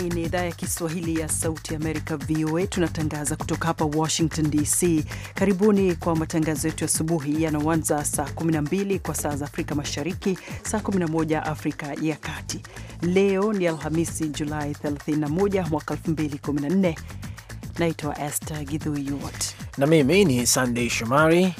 Hii ni idhaa ya Kiswahili ya Sauti Amerika, VOA. Tunatangaza kutoka hapa Washington DC. Karibuni kwa matangazo yetu ya asubuhi yanaoanza saa 12 kwa saa za Afrika Mashariki, saa 11 Afrika ya Kati. Leo ni Alhamisi, Julai 31 mwaka 2014. Naitwa Esther Gidhui na mimi ni Sandey Shomari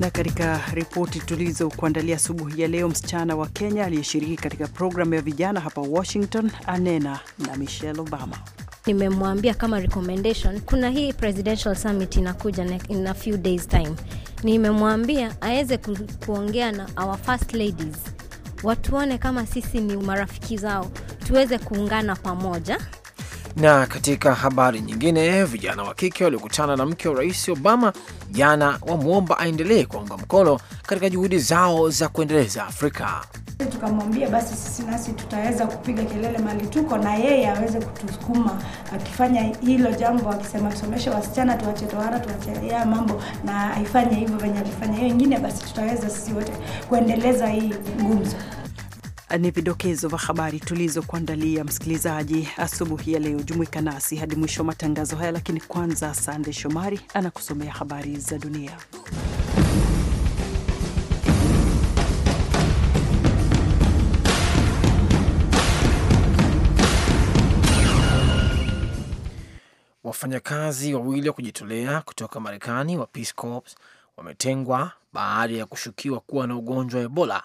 Na katika ripoti tulizokuandalia asubuhi ya leo, msichana wa Kenya aliyeshiriki katika programu ya vijana hapa Washington anena na Michelle Obama. Nimemwambia kama recommendation, kuna hii presidential summit inakuja in a few days time. Nimemwambia aweze kuongea na our first ladies, watuone kama sisi ni marafiki zao, tuweze kuungana pamoja na katika habari nyingine, vijana wa kike waliokutana na mke wa rais Obama jana wamwomba aendelee kuwaunga mkono katika juhudi zao za kuendeleza Afrika. Tukamwambia basi sisi nasi tutaweza kupiga kelele mali tuko na yeye aweze kutusukuma akifanya hilo jambo, akisema tusomeshe wasichana, tuwache tohara, tuwache ya mambo, na aifanye hivyo venye alifanya hiyo ingine, basi tutaweza sisi wote kuendeleza hii gumzo ni vidokezo vya habari tulizokuandalia msikilizaji asubuhi ya leo. Jumuika nasi hadi mwisho wa matangazo haya, lakini kwanza, Sande Shomari anakusomea habari za dunia. Wafanyakazi wawili wa kujitolea kutoka Marekani wa Peace Corps wametengwa baada ya kushukiwa kuwa na ugonjwa wa Ebola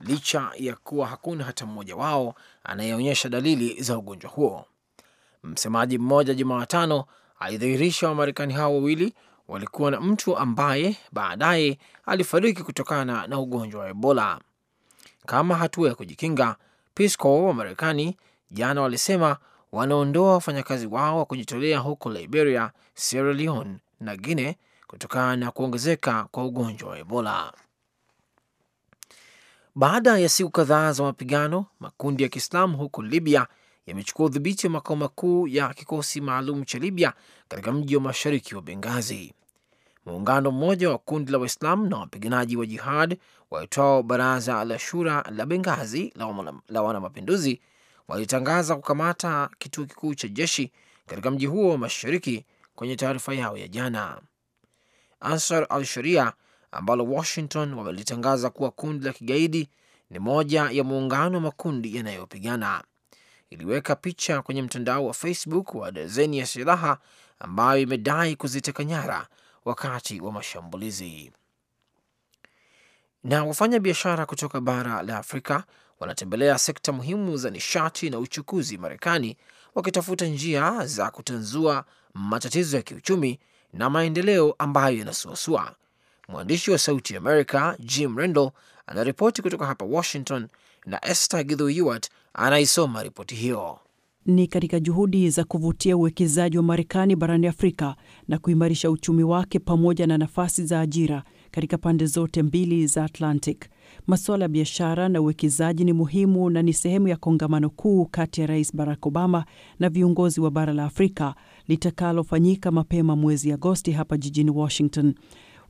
licha ya kuwa hakuna hata mmoja wao anayeonyesha dalili za ugonjwa huo. Msemaji mmoja Jumatano alidhihirisha Wamarekani hao wawili walikuwa na mtu ambaye baadaye alifariki kutokana na ugonjwa wa Ebola. Kama hatua ya kujikinga, Pisco wa Marekani jana walisema wanaondoa wafanyakazi wao wa kujitolea huko Liberia, Sierra Leone na Guinea kutokana na kuongezeka kwa ugonjwa wa Ebola. Baada ya siku kadhaa za mapigano, makundi ya Kiislamu huko Libya yamechukua udhibiti wa makao makuu ya kikosi maalum cha Libya katika mji wa mashariki wa Bengazi. Muungano mmoja wa kundi la Waislamu na wapiganaji wa jihad waitwao Baraza la Shura la Bengazi la Wanamapinduzi walitangaza kukamata kituo kikuu cha jeshi katika mji huo wa mashariki kwenye taarifa yao ya jana. Ansar al Sharia ambalo Washington wamelitangaza kuwa kundi la kigaidi ni moja ya muungano wa makundi yanayopigana. Iliweka picha kwenye mtandao wa Facebook wa dazeni ya silaha ambayo imedai kuziteka nyara wakati wa mashambulizi. Na wafanya biashara kutoka bara la Afrika wanatembelea sekta muhimu za nishati na uchukuzi Marekani, wakitafuta njia za kutanzua matatizo ya kiuchumi na maendeleo ambayo yanasuasua Mwandishi wa Sauti Amerika Jim rendl anaripoti kutoka hapa Washington na Esther Gidhuiwat anaisoma ripoti hiyo. Ni katika juhudi za kuvutia uwekezaji wa Marekani barani Afrika na kuimarisha uchumi wake pamoja na nafasi za ajira katika pande zote mbili za Atlantic. Masuala ya biashara na uwekezaji ni muhimu na ni sehemu ya kongamano kuu kati ya Rais Barack Obama na viongozi wa bara la Afrika litakalofanyika mapema mwezi Agosti hapa jijini Washington.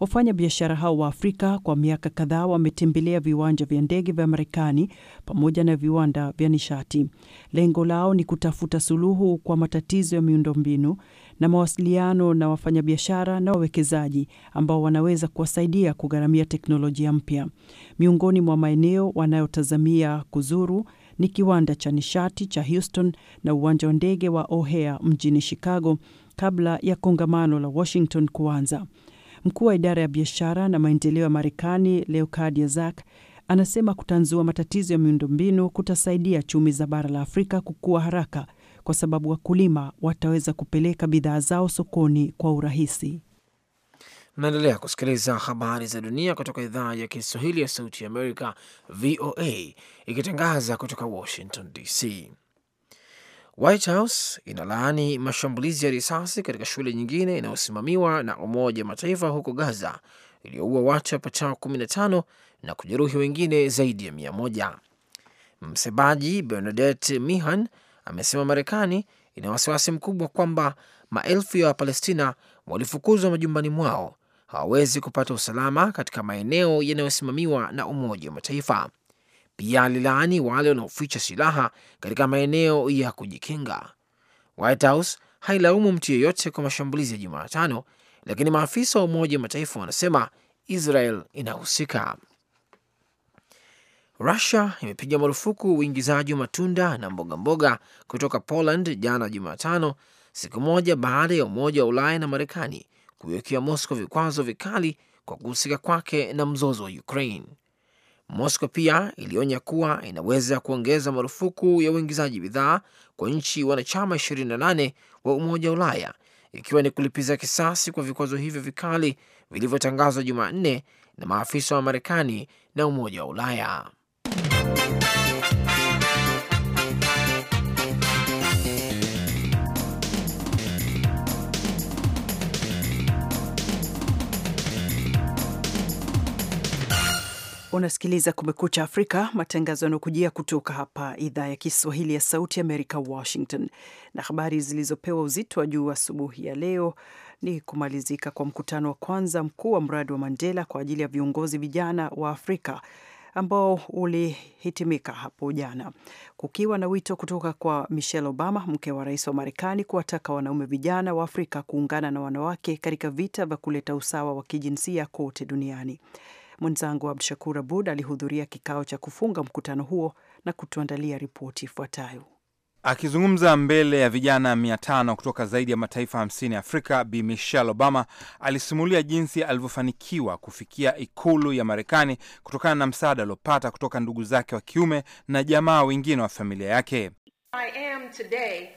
Wafanyabiashara hao wa Afrika kwa miaka kadhaa wametembelea viwanja vya ndege vya Marekani pamoja na viwanda vya nishati. Lengo lao ni kutafuta suluhu kwa matatizo ya miundombinu na mawasiliano na wafanyabiashara na wawekezaji ambao wanaweza kuwasaidia kugharamia teknolojia mpya. Miongoni mwa maeneo wanayotazamia kuzuru ni kiwanda cha nishati cha Houston na uwanja wa ndege wa O'Hare mjini Chicago kabla ya kongamano la Washington kuanza. Mkuu wa idara ya biashara na maendeleo ya Marekani, Leocadia Zak, anasema kutanzua matatizo ya miundombinu kutasaidia chumi za bara la Afrika kukua haraka kwa sababu wakulima wataweza kupeleka bidhaa zao sokoni kwa urahisi. Mnaendelea kusikiliza habari za dunia kutoka idhaa ya Kiswahili ya Sauti ya Amerika, VOA, ikitangaza kutoka Washington DC. White House inalaani mashambulizi ya risasi katika shule nyingine inayosimamiwa na Umoja wa Mataifa huko Gaza iliyoua watu wapatao 15 na kujeruhi wengine zaidi ya mia moja. Msemaji Bernadette Mihan amesema Marekani ina wasiwasi mkubwa kwamba maelfu ya Wapalestina walifukuzwa majumbani mwao hawawezi kupata usalama katika maeneo yanayosimamiwa na Umoja wa Mataifa. Pia alilaani wale wanaoficha silaha katika maeneo ya kujikinga. White House hailaumu mtu yeyote kwa mashambulizi ya Jumatano, lakini maafisa wa Umoja Mataifa wanasema Israel inahusika. Rusia imepiga marufuku uingizaji wa matunda na mboga mboga kutoka Poland jana Jumatano, siku moja baada ya Umoja wa Ulaya na Marekani kuiwekea Moscow vikwazo vikali kwa kuhusika kwake na mzozo wa Ukraine. Moscow pia ilionya kuwa inaweza kuongeza marufuku ya uingizaji bidhaa kwa nchi wanachama 28 wa Umoja wa Ulaya ikiwa ni kulipiza kisasi kwa vikwazo hivyo vikali vilivyotangazwa Jumanne na maafisa wa Marekani na Umoja wa Ulaya. Unasikiliza Kumekucha Afrika, matangazo yanaokujia kutoka hapa idhaa ya Kiswahili ya Sauti Amerika, Washington. Na habari zilizopewa uzito wa juu asubuhi ya leo ni kumalizika kwa mkutano wa kwanza mkuu wa mradi wa Mandela kwa ajili ya viongozi vijana wa Afrika ambao ulihitimika hapo jana, kukiwa na wito kutoka kwa Michelle Obama, mke wa rais wa Marekani, kuwataka wanaume vijana wa Afrika kuungana na wanawake katika vita vya kuleta usawa wa kijinsia kote duniani. Mwenzangu Abdu Shakur Abud alihudhuria kikao cha kufunga mkutano huo na kutuandalia ripoti ifuatayo. Akizungumza mbele ya vijana mia tano kutoka zaidi ya mataifa 50 ya Afrika, Bi Michelle Obama alisimulia jinsi alivyofanikiwa kufikia ikulu ya Marekani kutokana na msaada aliopata kutoka ndugu zake wa kiume na jamaa wengine wa familia yake. I am today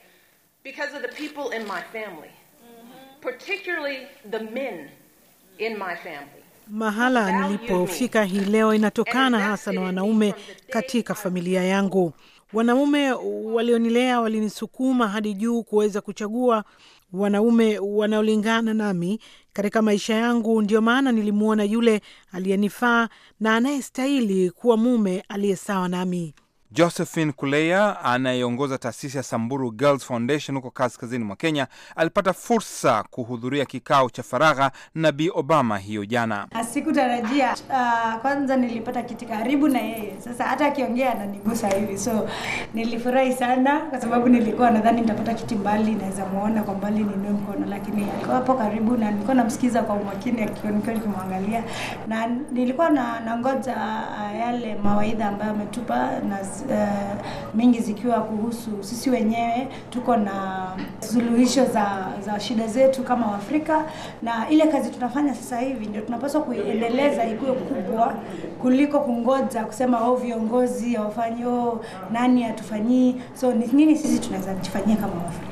because of the people in my family, mm-hmm. particularly the men in my family. Mahala nilipofika hii leo inatokana hasa na wanaume katika familia yangu. Wanaume walionilea walinisukuma hadi juu kuweza kuchagua wanaume wanaolingana nami katika maisha yangu. ndio maana nilimwona yule aliyenifaa na anayestahili kuwa mume aliye sawa nami. Josephine Kuleya anayeongoza taasisi ya Samburu Girls Foundation huko kaskazini mwa Kenya alipata fursa kuhudhuria kikao cha faragha na Bi Obama hiyo jana. Ah, sikutarajia uh, kwanza nilipata kiti karibu na yeye, sasa hata akiongea ananigusa hivi, so nilifurahi sana kwa sababu nilikuwa nadhani nitapata kiti mbali, naweza mwona kwa mbali ninue mkono, lakini alikuwa hapo karibu na nilikuwa namsikiza kwa umakini, akionikiwa nikimwangalia, na nilikuwa na nangoja ah, yale mawaidha ambayo ametupa na uh, mingi zikiwa kuhusu sisi wenyewe tuko na suluhisho za, za shida zetu kama Waafrika, na ile kazi tunafanya sasa hivi ndio tunapaswa kuiendeleza ikuwe kubwa kuliko kungoja kusema au oh, viongozi hawafanyi, oh, nani hatufanyii. So ni nini sisi tunaweza jifanyia kama Waafrika?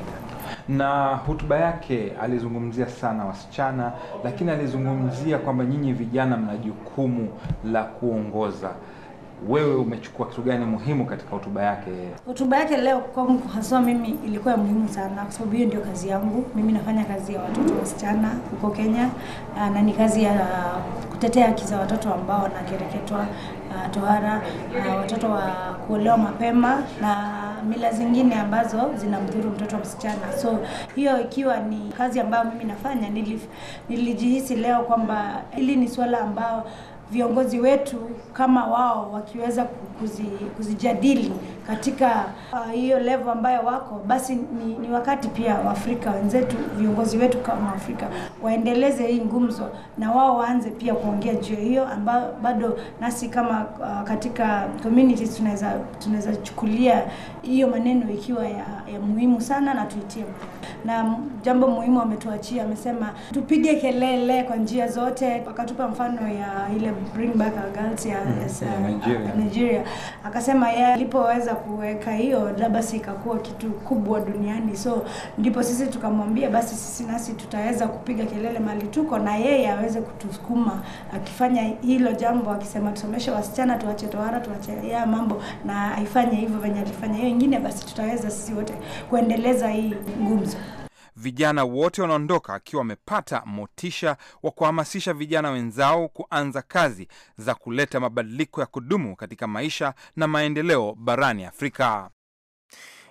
na hotuba yake alizungumzia sana wasichana, lakini alizungumzia kwamba nyinyi vijana mna jukumu la kuongoza wewe umechukua kitu gani muhimu katika hotuba yake? Hotuba yake leo kwangu haswa mimi ilikuwa ya muhimu sana, kwa sababu hiyo ndio kazi yangu. Mimi nafanya kazi ya watoto wasichana huko Kenya, ah, na ni kazi ya kutetea haki za watoto ambao wanakereketwa ah, tohara, ah, watoto wa kuolewa mapema na mila zingine ambazo zinamdhuru mtoto msichana. So hiyo ikiwa ni kazi ambayo mimi nafanya, nilijihisi leo kwamba hili ni swala ambao viongozi wetu kama wao wakiweza kuzijadili kuzi katika uh, hiyo uh, level ambayo wako, basi ni, ni wakati pia Waafrika wenzetu, viongozi wetu kama Afrika waendeleze hii ngumzo na wao waanze pia kuongea juu hiyo, ambayo bado nasi kama uh, katika communities tunaweza tunaweza chukulia hiyo maneno ikiwa ya, ya muhimu sana na tuitie. Na jambo muhimu ametuachia, amesema tupige kelele kwa njia zote, akatupa mfano ya ile bring back our girls ya, ya, hmm, ya, ya Nigeria. Nigeria akasema yeye alipoweza kuweka hiyo la basi ikakuwa kitu kubwa duniani, so ndipo sisi tukamwambia basi sisi nasi tutaweza kupiga kelele mali tuko na yeye aweze kutusukuma akifanya hilo jambo, akisema tusomeshe wasichana, tuache tohara, tuache ya mambo, na aifanye hivyo venye alifanya hiyo ingine, basi tutaweza sisi wote kuendeleza hii ngumzo vijana wote wanaondoka akiwa wamepata motisha wa kuhamasisha vijana wenzao kuanza kazi za kuleta mabadiliko ya kudumu katika maisha na maendeleo barani Afrika.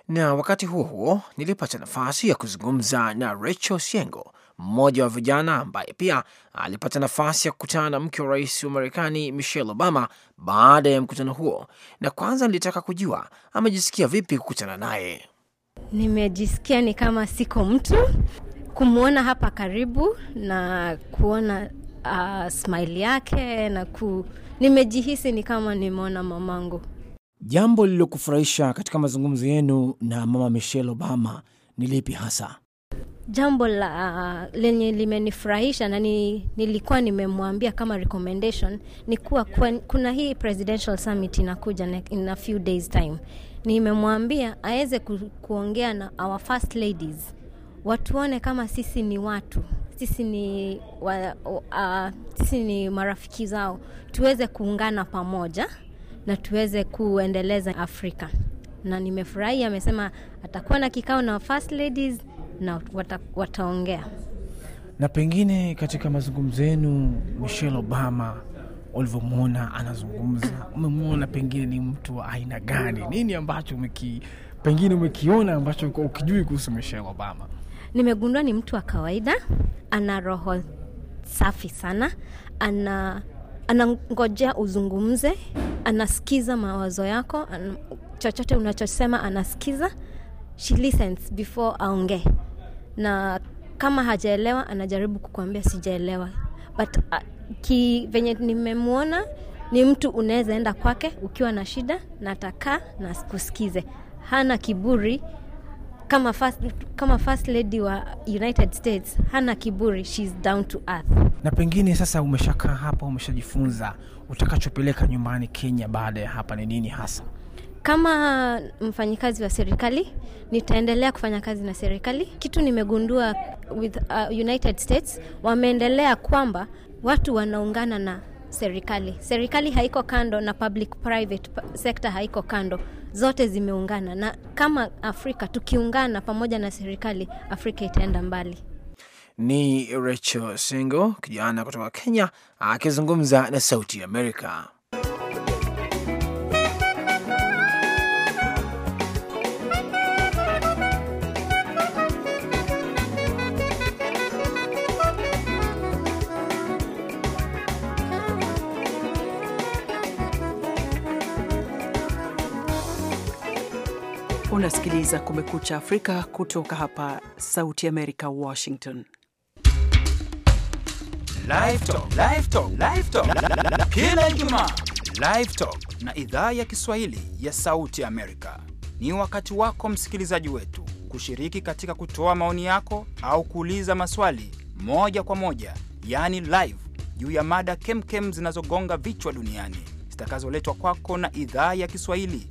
Na wakati huo huo nilipata nafasi ya kuzungumza na Rachel Siengo, mmoja wa vijana ambaye pia alipata nafasi ya kukutana na mke wa rais wa Marekani Michelle Obama baada ya mkutano huo, na kwanza nilitaka kujua amejisikia vipi kukutana naye. Nimejisikia ni kama siko mtu kumwona hapa karibu na kuona uh, smile yake na ku... nimejihisi ni kama nimeona mamangu. Jambo lililokufurahisha katika mazungumzo yenu na Mama Michelle Obama ni lipi hasa? jambo la uh, lenye limenifurahisha na ni, nilikuwa nimemwambia kama recommendation ni kuwa kuna hii presidential summit inakuja in a few days time. Nimemwambia aweze ku, kuongea na our first ladies, watuone kama sisi ni watu sisi ni, wa, uh, sisi ni marafiki zao, tuweze kuungana pamoja na tuweze kuendeleza Afrika. Na nimefurahi amesema atakuwa na kikao na first ladies na wata, wataongea na pengine katika mazungumzo yenu, Michelle Obama ulivyomwona anazungumza, umemwona pengine ni mtu wa aina gani? Nini ambacho umeki, pengine umekiona ambacho ukijui kuhusu Michelle Obama? Nimegundua ni mtu wa kawaida, ana roho safi sana, ana anangojea uzungumze, anasikiza mawazo yako, an, chochote unachosema anasikiza she listens before aongee na kama hajaelewa anajaribu kukuambia sijaelewa but uh, ki venye nimemwona ni mtu unaweza enda kwake ukiwa na shida na atakaa na kusikize hana kiburi kama first, kama first lady wa united states hana kiburi shes down to earth na pengine sasa umeshakaa hapa umeshajifunza utakachopeleka nyumbani kenya baada ya hapa ni nini hasa kama mfanyikazi wa serikali, nitaendelea kufanya kazi na serikali. Kitu nimegundua with uh, United States wameendelea kwamba watu wanaungana na serikali. Serikali haiko kando na public private sector haiko kando, zote zimeungana, na kama Afrika tukiungana pamoja na serikali, Afrika itaenda mbali. Ni Rachel Sengo, kijana kutoka Kenya, akizungumza na Sauti Amerika. Unasikiliza Kumekucha Afrika kutoka hapa Sauti Amerika, Washington. Kila Ijumaa livetok na idhaa ya Kiswahili ya Sauti Amerika ni wakati wako msikilizaji wetu kushiriki katika kutoa maoni yako au kuuliza maswali moja kwa moja, yani live, juu ya mada kemkem zinazogonga vichwa duniani zitakazoletwa kwako na idhaa ya Kiswahili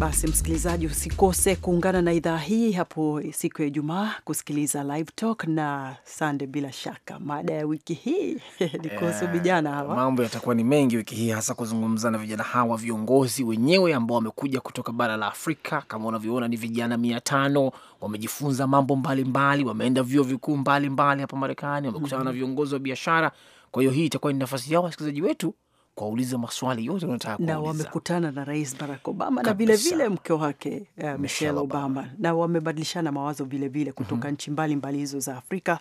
Basi msikilizaji, usikose kuungana na idhaa hii hapo siku ya Ijumaa kusikiliza Live Talk na Sande. Bila shaka mada ya wiki hii ni kuhusu eh, vijana hawa. Mambo yatakuwa ni mengi wiki hii, hasa kuzungumza na vijana hawa viongozi wenyewe ambao wamekuja kutoka bara la Afrika. Kama unavyoona ni vijana mia tano wamejifunza mambo mbalimbali, wameenda vyuo vikuu mbalimbali hapa Marekani, wamekutana mm -hmm. na mhm. viongozi wa biashara. Kwa hiyo hii itakuwa ni nafasi yao wasikilizaji wetu kuwauliza maswali yote unataka kuuliza, na wamekutana na Rais Barack Obama kabisa, na vilevile mke wake uh, Michelle, Obama. Obama na wamebadilishana mawazo vilevile kutoka mm -hmm. nchi mbalimbali hizo za Afrika.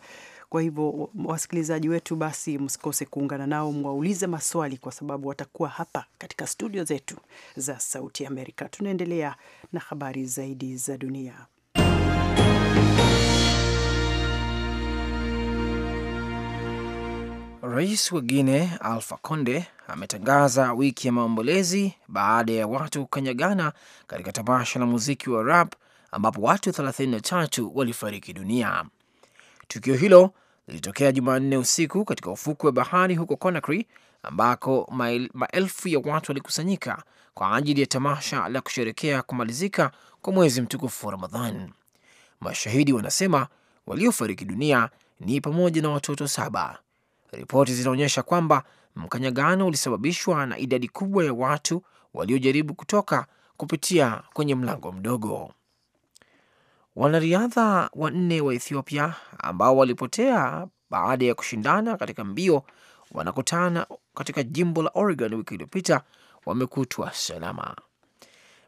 Kwa hivyo wasikilizaji wetu, basi msikose kuungana nao, mwaulize maswali kwa sababu watakuwa hapa katika studio zetu za Sauti Amerika. Tunaendelea na habari zaidi za dunia. Rais wa Guine Alfa Conde ametangaza wiki ya maombolezi baada ya watu kukanyagana katika tamasha la muziki wa rap ambapo watu 33 walifariki dunia. Tukio hilo lilitokea Jumanne usiku katika ufukwe wa bahari huko Conakry, ambako mael, maelfu ya watu walikusanyika kwa ajili ya tamasha la kusherekea kumalizika kwa mwezi mtukufu wa Ramadhan. Mashahidi wanasema waliofariki dunia ni pamoja na watoto saba. Ripoti zinaonyesha kwamba Mkanyagano ulisababishwa na idadi kubwa ya watu waliojaribu kutoka kupitia kwenye mlango mdogo. Wanariadha wanne wa Ethiopia ambao walipotea baada ya kushindana katika mbio wanakutana katika jimbo la Oregon wiki iliyopita wamekutwa salama.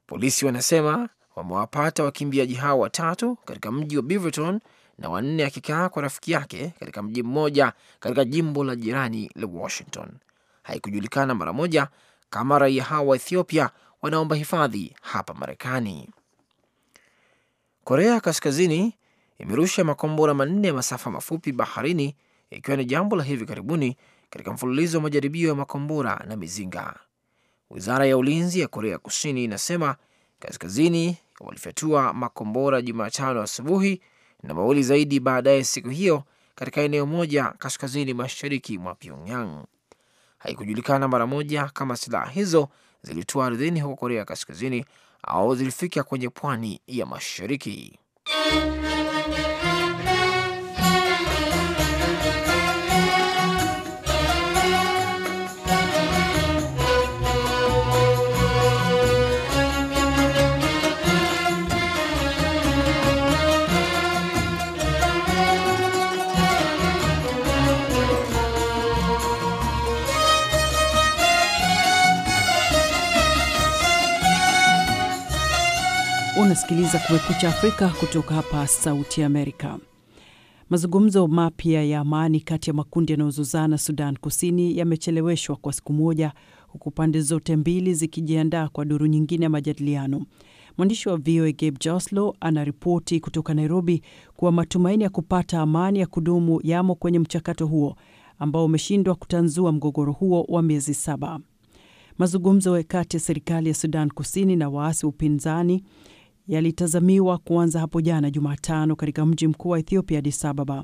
Polisi wanasema wamewapata wakimbiaji hao watatu katika mji wa Beaverton na wanne akikaa kwa rafiki yake katika mji mmoja katika jimbo la jirani la Washington. Haikujulikana mara moja kama raia hao wa Ethiopia wanaomba hifadhi hapa Marekani. Korea Kaskazini imerusha makombora manne ya masafa mafupi baharini, ikiwa ni jambo la hivi karibuni katika mfululizo wa majaribio ya makombora na mizinga. Wizara ya ulinzi ya Korea Kusini inasema Kaskazini walifyatua makombora Jumatano asubuhi na mauli zaidi baadaye siku hiyo katika eneo moja kaskazini mashariki mwa Pyongyang. Haikujulikana mara moja kama silaha hizo zilitua ardhini huko Korea Kaskazini au zilifika kwenye pwani ya mashariki. unasikiliza Kumekucha Afrika kutoka hapa Sauti ya Amerika. Mazungumzo mapya ya amani kati ya makundi yanayozozana Sudan Kusini yamecheleweshwa kwa siku moja, huku pande zote mbili zikijiandaa kwa duru nyingine ya majadiliano. Mwandishi wa VOA Gabe joslo anaripoti kutoka Nairobi kuwa matumaini ya kupata amani ya kudumu yamo kwenye mchakato huo ambao umeshindwa kutanzua mgogoro huo wa miezi saba. Mazungumzo kati ya serikali ya Sudan Kusini na waasi wa upinzani yalitazamiwa kuanza hapo jana Jumatano katika mji mkuu wa Ethiopia, Addis Ababa.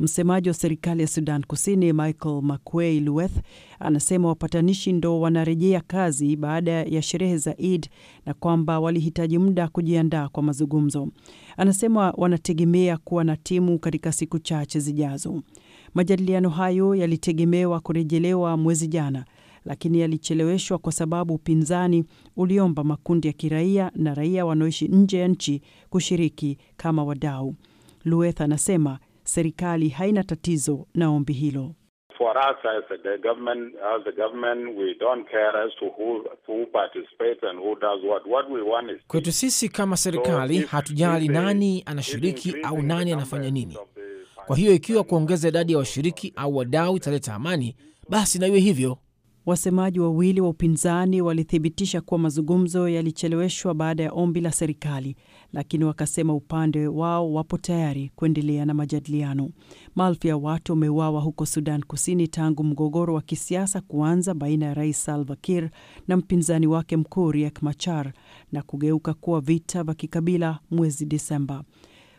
Msemaji wa serikali ya Sudan Kusini Michael Makuei Lueth anasema wapatanishi ndo wanarejea kazi baada ya sherehe za Eid na kwamba walihitaji muda kujiandaa kwa mazungumzo. Anasema wanategemea kuwa na timu katika siku chache zijazo. Majadiliano hayo yalitegemewa kurejelewa mwezi jana lakini yalicheleweshwa kwa sababu upinzani uliomba makundi ya kiraia na raia wanaoishi nje ya nchi kushiriki kama wadau. Lueth anasema serikali haina tatizo na ombi hilo. Kwetu sisi kama serikali, hatujali nani anashiriki au nani anafanya nini. Kwa hiyo ikiwa kuongeza idadi ya washiriki au wadau italeta amani, basi na iwe hivyo. Wasemaji wawili wa upinzani walithibitisha kuwa mazungumzo yalicheleweshwa baada ya ombi la serikali, lakini wakasema upande wao wapo tayari kuendelea na majadiliano. Maelfu ya watu wameuawa huko Sudan Kusini tangu mgogoro wa kisiasa kuanza baina ya Rais Salva Kiir na mpinzani wake mkuu Riek Machar na kugeuka kuwa vita vya kikabila mwezi Disemba,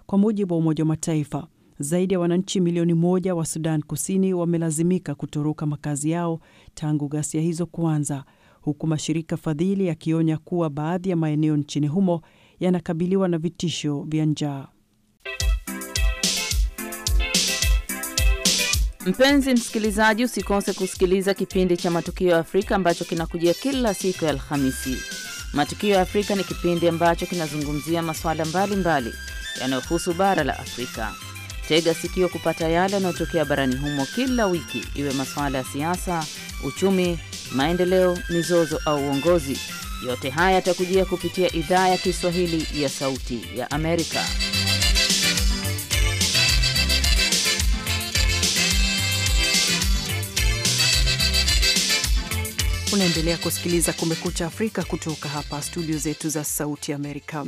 kwa mujibu wa Umoja wa Mataifa. Zaidi ya wananchi milioni moja wa Sudan Kusini wamelazimika kutoroka makazi yao tangu ghasia hizo kuanza, huku mashirika fadhili yakionya kuwa baadhi ya maeneo nchini humo yanakabiliwa na vitisho vya njaa. Mpenzi msikilizaji, usikose kusikiliza kipindi cha Matukio ya Afrika ambacho kinakujia kila siku ya Alhamisi. Matukio ya Afrika ni kipindi ambacho kinazungumzia masuala mbalimbali yanayohusu bara la Afrika. Tega sikio kupata yale yanayotokea barani humo kila wiki, iwe masuala ya siasa, uchumi, maendeleo, mizozo au uongozi. Yote haya yatakujia kupitia idhaa ya Kiswahili ya Sauti ya Amerika. Unaendelea kusikiliza Kumekucha Afrika kutoka hapa studio zetu za Sauti Amerika.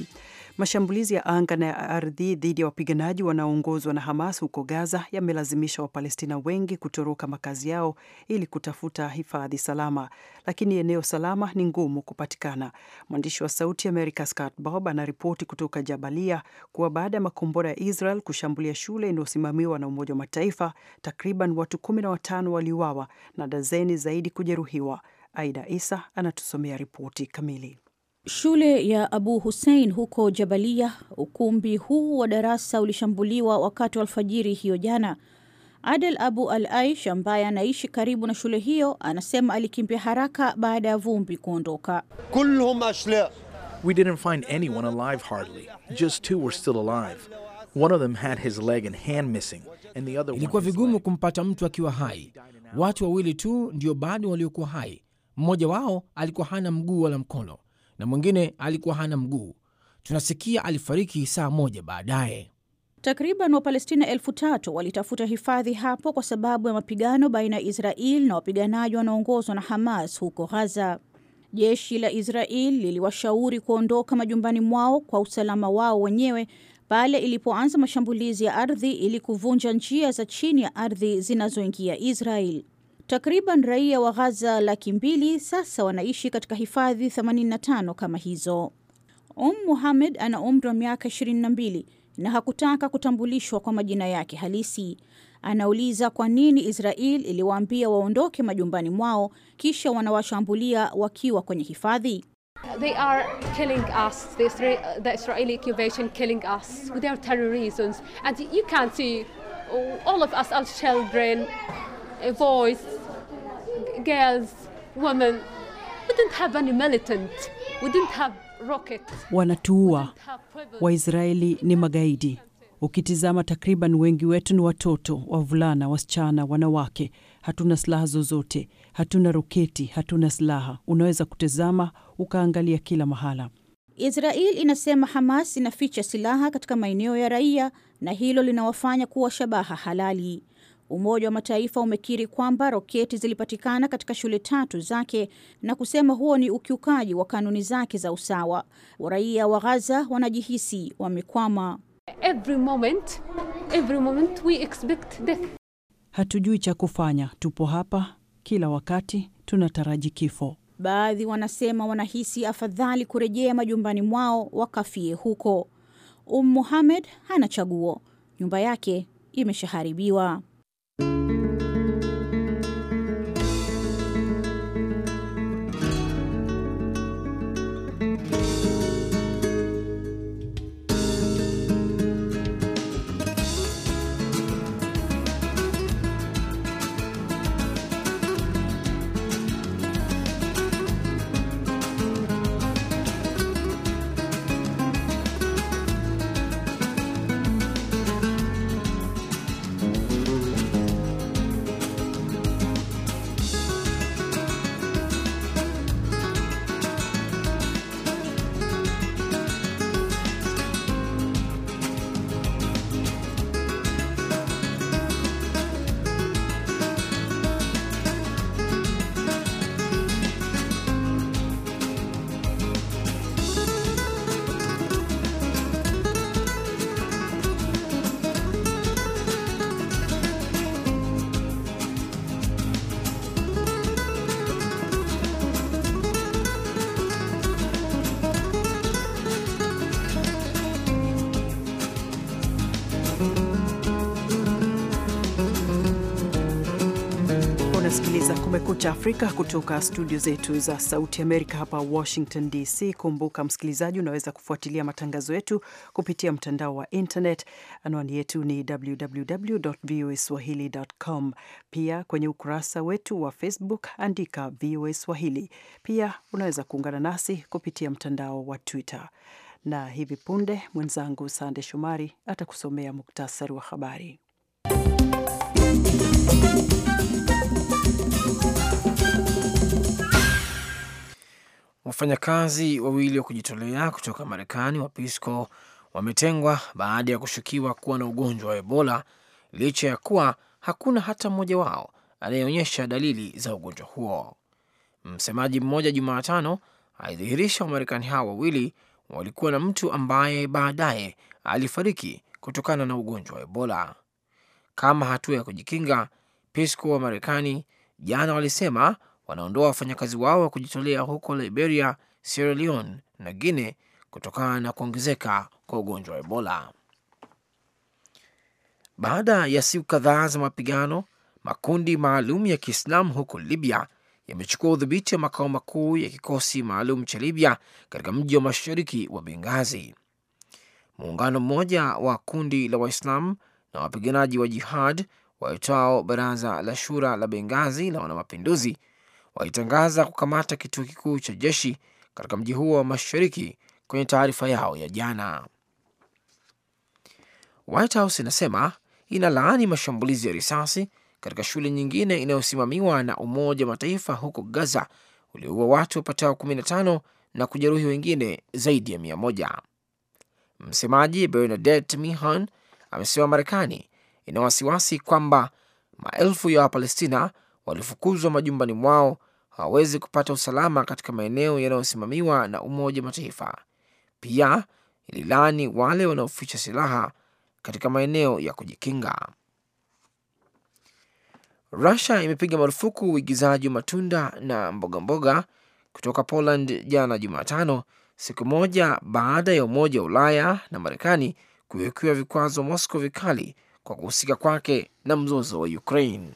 Mashambulizi ya anga na ya ardhi dhidi ya wapiganaji wanaoongozwa na Hamas huko Gaza yamelazimisha Wapalestina wengi kutoroka makazi yao ili kutafuta hifadhi salama, lakini eneo salama ni ngumu kupatikana. Mwandishi wa Sauti Amerika Scott Bob anaripoti kutoka Jabalia kuwa baada ya makombora ya Israel kushambulia shule inayosimamiwa na Umoja wa Mataifa, takriban watu kumi na watano waliuawa na dazeni zaidi kujeruhiwa. Aida Isa anatusomea ripoti kamili. Shule ya Abu Hussein huko Jabalia. Ukumbi huu wa darasa ulishambuliwa wakati wa alfajiri hiyo jana. Adel Abu Al Aish ambaye anaishi karibu na shule hiyo anasema alikimbia haraka baada ya vumbi kuondoka. kulhum ashla We didn't find anyone alive hardly. Just two were still alive. One of them had his leg and hand missing and the other Ilikuwa vigumu kumpata mtu akiwa hai. Watu wawili tu ndio bado waliokuwa hai. Mmoja wao alikuwa hana mguu wala mkono na mwingine alikuwa hana mguu. Tunasikia alifariki saa moja baadaye. Takriban Wapalestina elfu tatu walitafuta hifadhi hapo kwa sababu ya mapigano baina ya Israel na wapiganaji wanaongozwa na Hamas huko Ghaza. Jeshi la Israel liliwashauri kuondoka majumbani mwao kwa usalama wao wenyewe pale ilipoanza mashambulizi ya ardhi ili kuvunja njia za chini ya ardhi zinazoingia Israel. Takriban raia wa Gaza laki mbili sasa wanaishi katika hifadhi 85 kama hizo. Um Muhamed ana umri wa miaka 22 na hakutaka kutambulishwa kwa majina yake halisi. Anauliza kwa nini Israel iliwaambia waondoke majumbani mwao kisha wanawashambulia wakiwa kwenye hifadhi. They are killing us. The, the Israeli occupation killing us with their terror reasons. And you can't see all of us as children a voice, girls, women didn't have any militant, didn't have rocket. Wanatuua. Waisraeli ni magaidi. Ukitizama takriban wengi wetu ni watoto, wavulana, wasichana, wanawake. Hatuna silaha zozote, hatuna roketi, hatuna silaha. Unaweza kutizama ukaangalia kila mahala. Israel inasema Hamas inaficha silaha katika maeneo ya raia na hilo linawafanya kuwa shabaha halali. Umoja wa Mataifa umekiri kwamba roketi zilipatikana katika shule tatu zake na kusema huo ni ukiukaji wa kanuni zake za usawa. Raia wa Gaza wanajihisi wamekwama. Every moment, every moment we expect death. Hatujui cha kufanya, tupo hapa kila wakati tunataraji kifo. Baadhi wanasema wanahisi afadhali kurejea majumbani mwao wakafie huko. Um Muhamed hana chaguo, nyumba yake imeshaharibiwa. Thank you. Unasikiliza Kumekucha Afrika kutoka studio zetu za Sauti Amerika hapa Washington DC. Kumbuka msikilizaji, unaweza kufuatilia matangazo yetu kupitia mtandao wa internet. Anwani yetu ni www voa swahili.com. Pia kwenye ukurasa wetu wa Facebook andika VOA Swahili. Pia unaweza kuungana nasi kupitia mtandao wa Twitter na hivi punde mwenzangu Sande Shomari atakusomea muktasari wa habari. Wafanyakazi wawili wa kujitolea kutoka Marekani wa Pisco wametengwa baada ya kushukiwa kuwa na ugonjwa wa Ebola licha ya kuwa hakuna hata mmoja wao anayeonyesha dalili za ugonjwa huo. Msemaji mmoja Jumatano alidhihirisha Wamarekani hao wawili walikuwa na mtu ambaye baadaye alifariki kutokana na ugonjwa wa Ebola. Kama hatua ya kujikinga, Pisco wa Marekani jana walisema wanaondoa wafanyakazi wao wa kujitolea huko Liberia, Sierra Leone na guine kutokana na kuongezeka kwa ugonjwa wa Ebola. Baada ya siku kadhaa za mapigano, makundi maalum ya Kiislamu huko Libya yamechukua udhibiti wa makao makuu ya kikosi maalum cha Libya katika mji wa mashariki wa Bengazi. Muungano mmoja wa kundi la Waislamu na wapiganaji wa jihad waitwao Baraza la Shura la Bengazi la Wanamapinduzi walitangaza kukamata kituo kikuu cha jeshi katika mji huo wa mashariki kwenye taarifa yao ya jana. White House inasema inalaani mashambulizi ya risasi katika shule nyingine inayosimamiwa na Umoja wa Mataifa huko Gaza ulioua watu wapatao 15 na kujeruhi wengine zaidi ya 100. Msemaji Bernadette Mihan amesema Marekani ina wasiwasi kwamba maelfu ya Wapalestina walifukuzwa majumbani mwao, hawawezi kupata usalama katika maeneo yanayosimamiwa na Umoja wa Mataifa. Pia ililani wale wanaoficha silaha katika maeneo ya kujikinga. Rusia imepiga marufuku uigizaji wa matunda na mbogamboga mboga kutoka Poland jana Jumatano, siku moja baada ya Umoja wa Ulaya na Marekani kuwekewa vikwazo Moscow vikali kwa kuhusika kwake na mzozo wa Ukraine.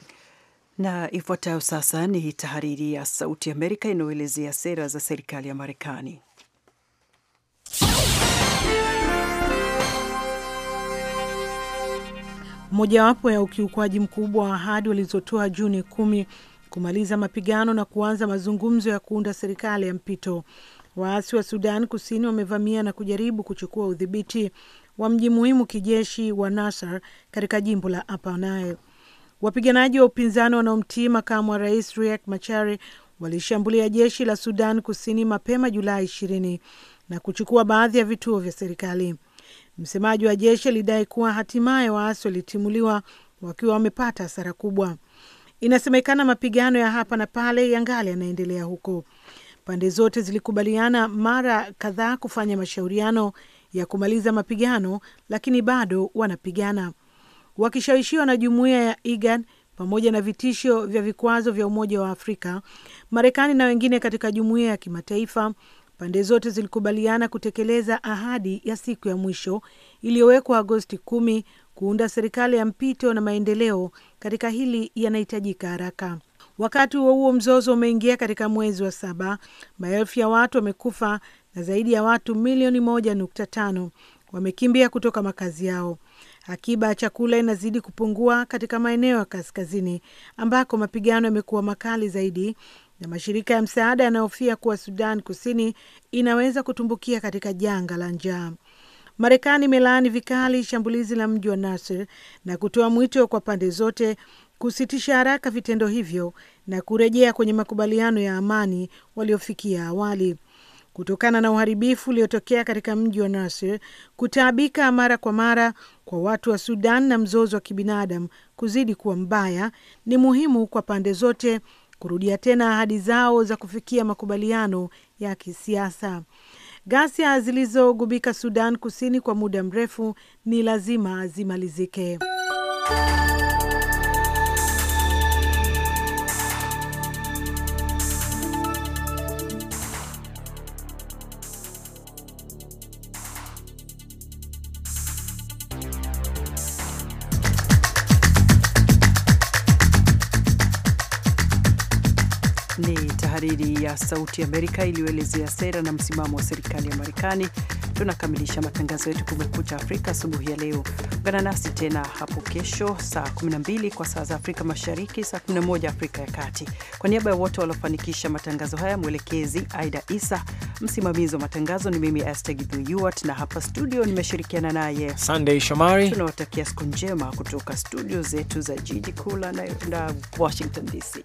Na ifuatayo sasa ni tahariri ya Sauti Amerika inayoelezea sera za serikali ya Marekani. Mojawapo ya ukiukwaji mkubwa wa ahadi walizotoa Juni kumi kumaliza mapigano na kuanza mazungumzo ya kuunda serikali ya mpito. Waasi wa Sudan Kusini wamevamia na kujaribu kuchukua udhibiti wa mji muhimu kijeshi wa Nasar katika jimbo la Upper Nile. Wapiganaji wa upinzani wanaomtii makamu wa rais Riek Machar walishambulia jeshi la Sudan Kusini mapema Julai ishirini na kuchukua baadhi ya vituo vya serikali. Msemaji wa jeshi alidai kuwa hatimaye waasi walitimuliwa wakiwa wamepata hasara kubwa. Inasemekana mapigano ya hapa na pale yangali yanaendelea huko. Pande zote zilikubaliana mara kadhaa kufanya mashauriano ya kumaliza mapigano, lakini bado wanapigana wakishawishiwa na jumuiya ya IGAD pamoja na vitisho vya vikwazo vya Umoja wa Afrika, Marekani na wengine katika jumuiya ya kimataifa. Pande zote zilikubaliana kutekeleza ahadi ya siku ya mwisho iliyowekwa Agosti kumi kuunda serikali ya mpito na maendeleo katika hili yanahitajika haraka. Wakati huo huo, mzozo umeingia katika mwezi wa saba. Maelfu ya watu wamekufa na zaidi ya watu milioni moja nukta tano wamekimbia kutoka makazi yao. Akiba ya chakula inazidi kupungua katika maeneo ya kaskazini ambako mapigano yamekuwa makali zaidi, na mashirika ya msaada yanayofia kuwa Sudan Kusini inaweza kutumbukia katika janga la njaa. Marekani imelaani vikali shambulizi la mji wa Nasir na kutoa mwito kwa pande zote kusitisha haraka vitendo hivyo na kurejea kwenye makubaliano ya amani waliofikia awali kutokana na uharibifu uliotokea katika mji wa Nasir, kutaabika mara kwa mara kwa watu wa Sudan na mzozo wa kibinadamu kuzidi kuwa mbaya, ni muhimu kwa pande zote kurudia tena ahadi zao za kufikia makubaliano ya kisiasa. Ghasia zilizogubika Sudan Kusini kwa muda mrefu ni lazima zimalizike. Sauti Amerika iliyoelezea sera na msimamo wa serikali ya Marekani. Tunakamilisha matangazo yetu Kumekucha Afrika asubuhi ya leo. Ungana nasi tena hapo kesho saa 12 kwa saa za Afrika Mashariki, saa 11 Afrika ya Kati. Kwa niaba ya wote waliofanikisha matangazo haya, mwelekezi Aida Isa, msimamizi wa matangazo ni mimi Astegiuat, na hapa studio nimeshirikiana naye Sandey Shomari. Tunawatakia siku njema kutoka studio zetu za jiji kuu la Washington DC.